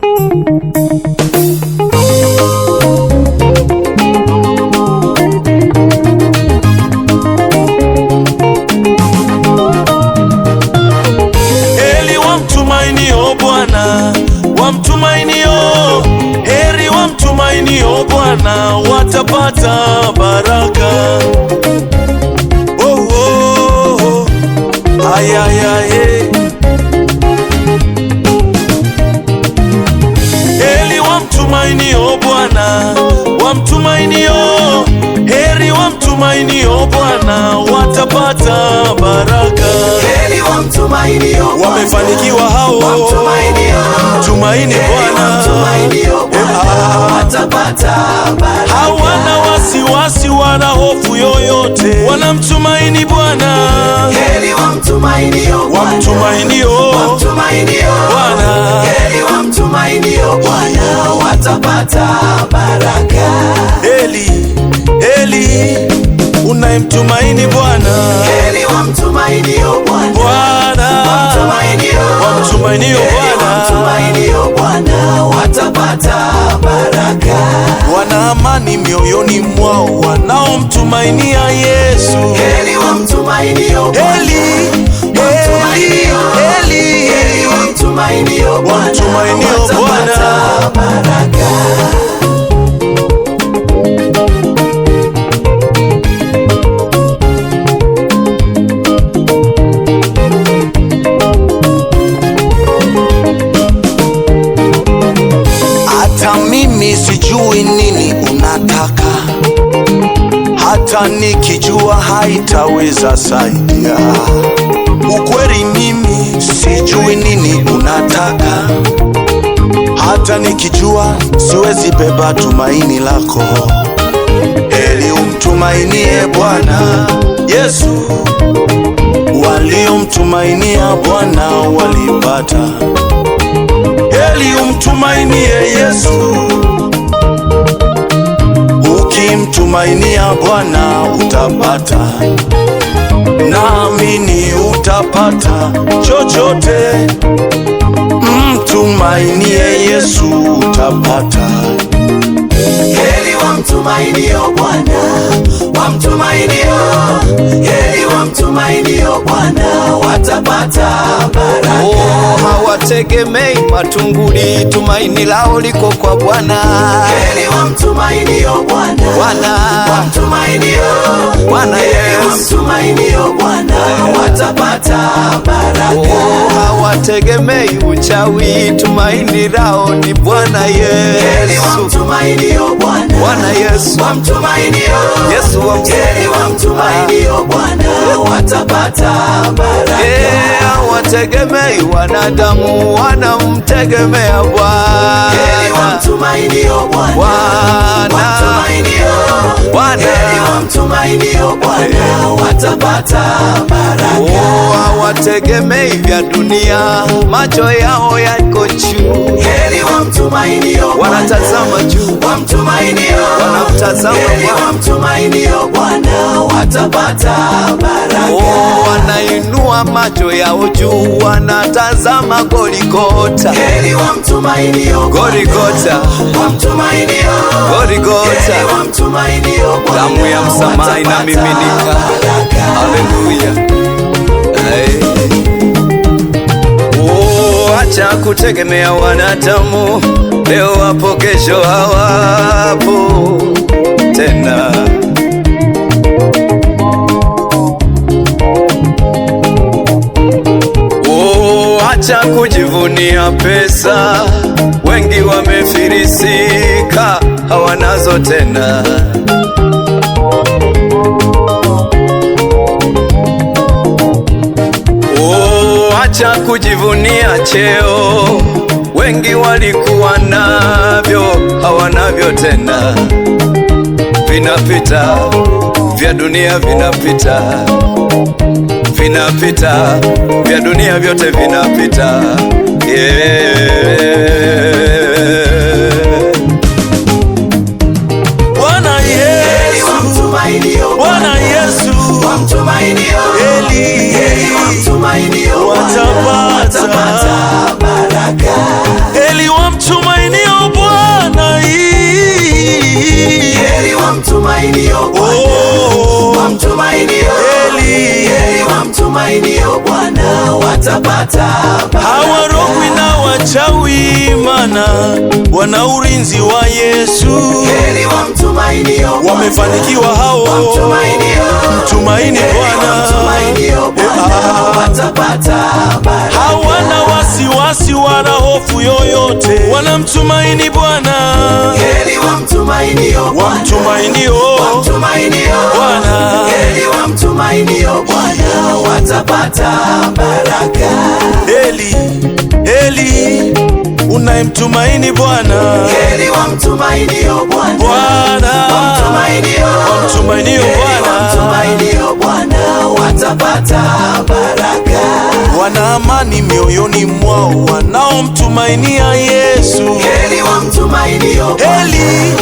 Heri wamtumainio Bwana, wamtumainio, heri wamtumainio Bwana watapata baraka. Oh, oh, oh. Ay, ay, ay, wamtumainio Bwana, wamtumainio heri wamtumainio Bwana watapata baraka. Heri wamtumainio Bwana, wamefanikiwa hao wamtumainio, tumaini Bwana ah, ah, ah. watapata baraka. Hawana wasiwasi wala hofu yoyote, wanamtumaini Bwana, heri wamtumainio Bwana, wamtumainio Bwana wamtumainio Bwana watapata baraka. Heli, heli unayemtumaini Bwana, heli wamtumainio Bwana Bwana. Bwana. Bwana Wa watapata baraka. Wana amani mioyoni mwao wanaomtumainia Yesu, heli wamtumainio Bwana Mtumainio Bwana baraka Sijui nini unataka, hata nikijua haitaweza saidia ukweli mimi hata nikijua siwezi beba tumaini lako. Eli umtumainie Bwana Yesu, waliomtumainia Bwana walipata. Eli umtumainie Yesu, ukimtumainia Bwana utapata. Naamini utapata chochote umtumainie Yesu utapata. Heri wa wamtumainio Bwana walio Bwana watapata baraka. Oh, hawategemei matunguli, tumaini lao liko kwa Bwana. Heri wamtumainio Bwana, Bwana wamtumainio Bwana, heri wamtumainio Bwana watapata baraka. Oh, hawategemei uchawi, tumaini lao ni Bwana Yesu. Heri wamtumainio Bwana, Bwana Yesu wamtumainio Yesu wamtumainio Bwana watapata baraka. Yeah, wategemei wanadamu, wanamtegemea Bwana. Heri watapata baraka. Oh, vya dunia, macho yao yako juu. wanatazama juu, wanamtazama Bwana, watapata baraka wanainua macho yao juu, wanatazama Goligota. Heri wamtumainio Goligota, wamtumainio Goligota, wamtumainio damu ya msamaha inamiminika. Haleluya, hey. Oh, acha kutegemea wanadamu, leo wapo, kesho hawapo tena Acha kujivunia pesa, wengi wamefirisika, hawanazo tena. Oh, acha kujivunia cheo, wengi walikuwa navyo, hawanavyo tena, vinapita vya dunia vinapita, vinapita, vya dunia vyote vinapita, yeah. hawarogwi na wachawi, mana wana urinzi wa Yesu. Wamefanikiwa hao, mtumaini Bwana, hawana wasiwasi wala hofu yoyote, wanamtumaini Bwana, wamtumainio Bwana watapata baraka. Heli, heli unayemtumaini Bwana, heli wamtumainio Bwana watapata baraka. Wana amani mioyoni mwao wanaomtumainia Yesu, heli wamtumainio Bwana